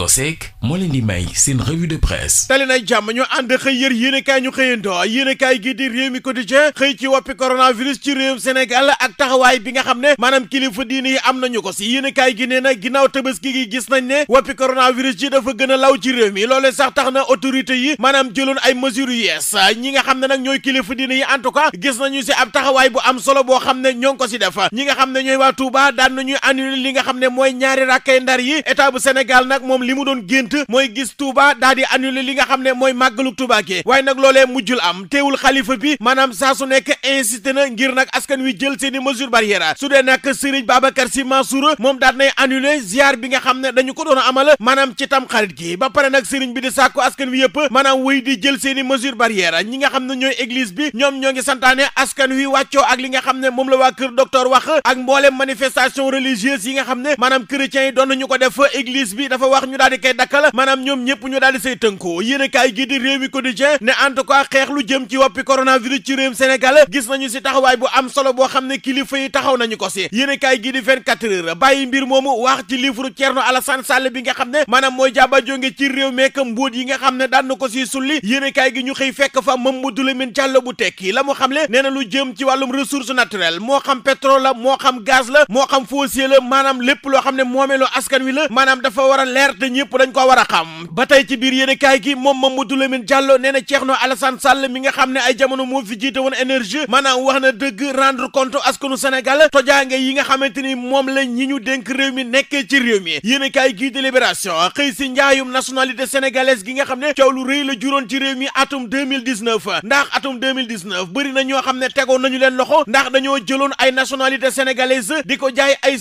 Gosek moo leen di may seen revue de presse tali na jàmm ñu ànd xëy yër yéenekaay ñu xëyandoo yéenekaay gi di réew mi quotidien xëy ci woppi coronavirus ci réewum Sénégal ak taxawaay bi nga xam ne maanaam kilifa diine yi am nañu ko si yéenekaay gi nee na ginnaaw tabaski gi gis nañ ne woppi coronavirus ji dafa gën a law ci réew mi loolee sax tax na autorité yi maanaam jëloon ay mesures yu yees ñi nga xam ne nag ñooy kilifa diine yi en tout cas gis nañu si ab taxawaay bu am solo boo xam ne ñoo ngi ko si def ñi nga xam ne ñooy waa Touba daan nañuy annulé li nga xam ne mooy ñaari ndar yi état bu Sénégal nag moom li mu doon gént mooy gis Touba daa di li nga xam ne mooy màggalu Touba gi waaye nag loolee mujjul am teewul xalifa bi maanaam saa su nekk insisté na ngir nag askan wi jël seeni mesures barrières su dee nag Serigne Babacar si Mansour moom daal nay annulé ziar bi nga xam ne dañu ko doon amal maanaam ci tam xarit gi ba pare nag Serigne bi di sàkku askan wi yëpp maanaam wéy di jël seeni mesures barrières ñi nga xam ne ñooy église bi ñoom ñoo ngi santaane askan wi wàccoo ak li nga xam ne moom la waa kër docteur wax ak mboolem manifestation religieuse yi nga xam ne maanaam chrétiens yi doon nañu ko def église bi dafa wax daal di koy dakkal maanaam ñoom ñëpp ñu daal di say tënkoo yéen a kaay gi di réew mi quotidien ne en tout cas xeex lu jëm ci woppi coronavirus ci réew Sénégal gis nañu si taxawaay bu am solo boo xam ne kilifa yi taxaw nañu ko si yéen a gi di 24 heures bàyyi mbir moomu wax ci livre Thierno Alassane Sall bi nga xam ne maanaam mooy jaaba jonge ci réew meek mbóot yi nga xam ne daan na ko si sulli yéen a gi ñu xëy fekk fa Mamadou Lamine Diallo bu tekki la mu xam nee na lu jëm ci wàllum ressource naturelle moo xam pétrole la moo xam la moo xam fossile la maanaam lépp loo xam ne moomeelu askan wi la maanaam dafa war a leer te ñëpp dañ ko war a xam ba tey ci biir yéen kaay gi moom Mamadou Lamine Diallo nee na Thierno Alassane Sall mi nga xam ne ay jamono moo fi jiite woon énergie maanaam wax na dëgg rendre compte askanu Sénégal tojaange yi nga xamante ni moom la ñi ñu dénk réew mi nekkee ci réew mi yéen kaay gi de Libération xëy si njaayum nationalité sénégalaise gi nga xam ne coow lu rëy la juróon ci réew mi atum 2019 ndax atum 2019 bëri na ñoo xam ne tegoon nañu leen loxo ndax dañoo jëloon ay nationalité sénégalaise di ko jaay ay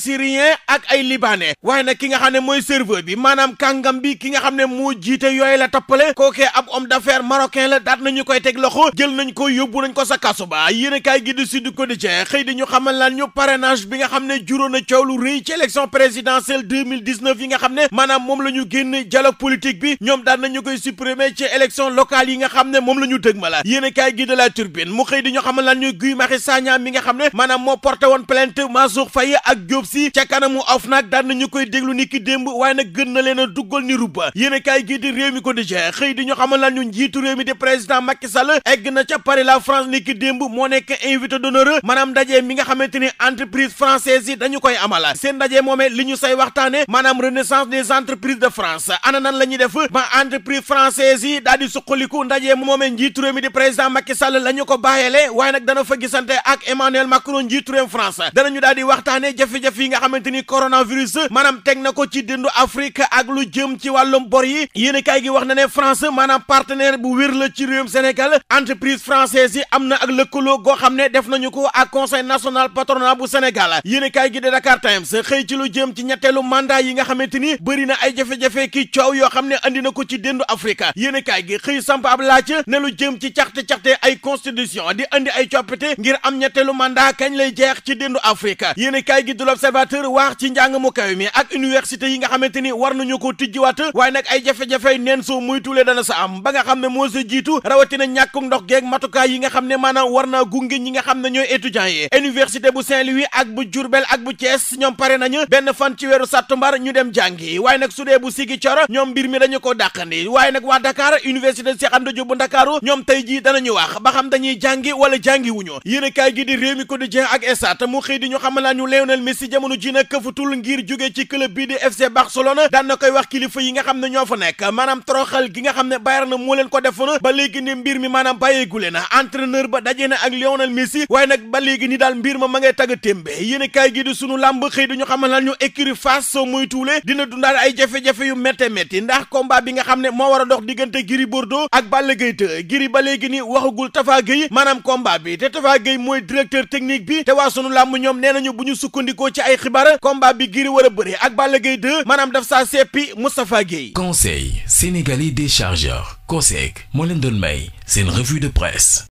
ay libanais waaye nag ki nga xam ne mooy serveur bi maanaam maanaam kàngam bi ki nga xam ne moo jiite yooyu la tappale kookee ab homme d'affaires marocain la daat nañu koy teg loxo jël nañ ko yóbbu nañ ko sa kaso ba yéen kaay gi Sud Quotidien xëy di ñu xam ne juróon na coow lu rëy ci élection présidentielle 2019 yi nga xam ne moom la ñu génn dialogue politique bi ñoom daan nañu koy supprimer ci élection locale yi nga xam ne moom la ñu dëgma la yéen kaay gi de la mu xëy di ñu xamal laan ñu Guy Marius Sagna mi nga xam ne maanaam moo porté woon plainte Mansour Faye ak Diop Sy ca kanamu na duggal ni rubba yéen a kaay gii di réew mi ko di xëy di ñu xamal lan ñu di président Macky egg na ca Paris la France ni ki démb moo nekk invité d'honneur maanaam ndaje mi nga xamante ni entreprise française yi dañu koy amal seen ndaje moomee li ñu say waxtaane maanaam renaissance des entreprises de France ana nan la ñuy def ba entreprise française yi daal di suqaliku ndaje moomee njiitu réew di président Macky Sall la ñu ko waaye nag dana nag lu jëm ci wàllum bor yi yéenekaay gi wax na ne France maanaam partenaire bu wér la ci réewum Sénégal entreprise française yi am na ak lëkkaloo goo xam ne def nañu ko ak conseil national patronat bu Sénégal yéenekaay gi de Dakar Times xëy ci lu jëm ci ñetteelu mandat yi nga xamante ni bëri na ay jafe-jafe ki coow yoo xam ne andi na ko ci déndu Afrique yéenekaay gi xëy samp ab laaj ne lu jëm ci caxte-caxte ay constitution di andi ay coppite ngir am ñetteelu gi du l'Observateur wax ci njàng mu kaw mi ak université yi nga xamante ni war nañu koo tijjiwaat waaye nag ay jafe-jafey neen soo muy tulee dana sa am ba nga xam ne moo jiitu rawatina ñàkku ndox geeg matukaay yi nga xam ne maanaam war naa gunge ñi nga xam ne ñooy étudiants yi université bu Saint-Louis ak bu Diourbel ak bu Thiès ñoom pare nañu benn fan ci weeru sàttumbar ñu dem jàngi waaye nag su dee bu Ziguinchor ñoom mbir mi dañu ko dàqandi waaye nag waa Dakar université Cheikh Anta Diop bu Ndakaaru ñoom tey jii danañu wax ba xam da jàngi wala jàngi wuñu yéen kaay gi di Rewmi Quotidien ak Stades mu xëy di ñu xamal ñu Lionel koy wax kilifa yi nga xam ne ñoo fa nekk maanaam toroxal gi nga xam ne na moo leen ko def defoon ba léegi ni mbir mi maanaam bàyyeegule na entraîneur ba daje na ak Lionel Messi waaye nag ba léegi ni daal mbir ma ma ngay tagga témbe yéen kaay gi di làmb xëy dañu xamal lan ñu écurie Fass soo muy tuule dina dundaal ay jafe-jafe yu métte métti ndax combat bi nga xam ne moo war a dox diggante Gris Bordeaux ak Balla Gaye 2 Gris ba léegi ni waxagul Tafa Gueye maanaam combat bi te Tafa Gueye mooy directeur technique bi te waa sunu làmb ñoom nee nañu bu ñu sukkandikoo ci ay xibaar combat bi Gris war a bëri ak Balla Gaye 2 maanaam daf saa seppi noppi Moustapha Guèye Conseil sénégalais des chargeurs COSEC moo leen doon may seen revue de presse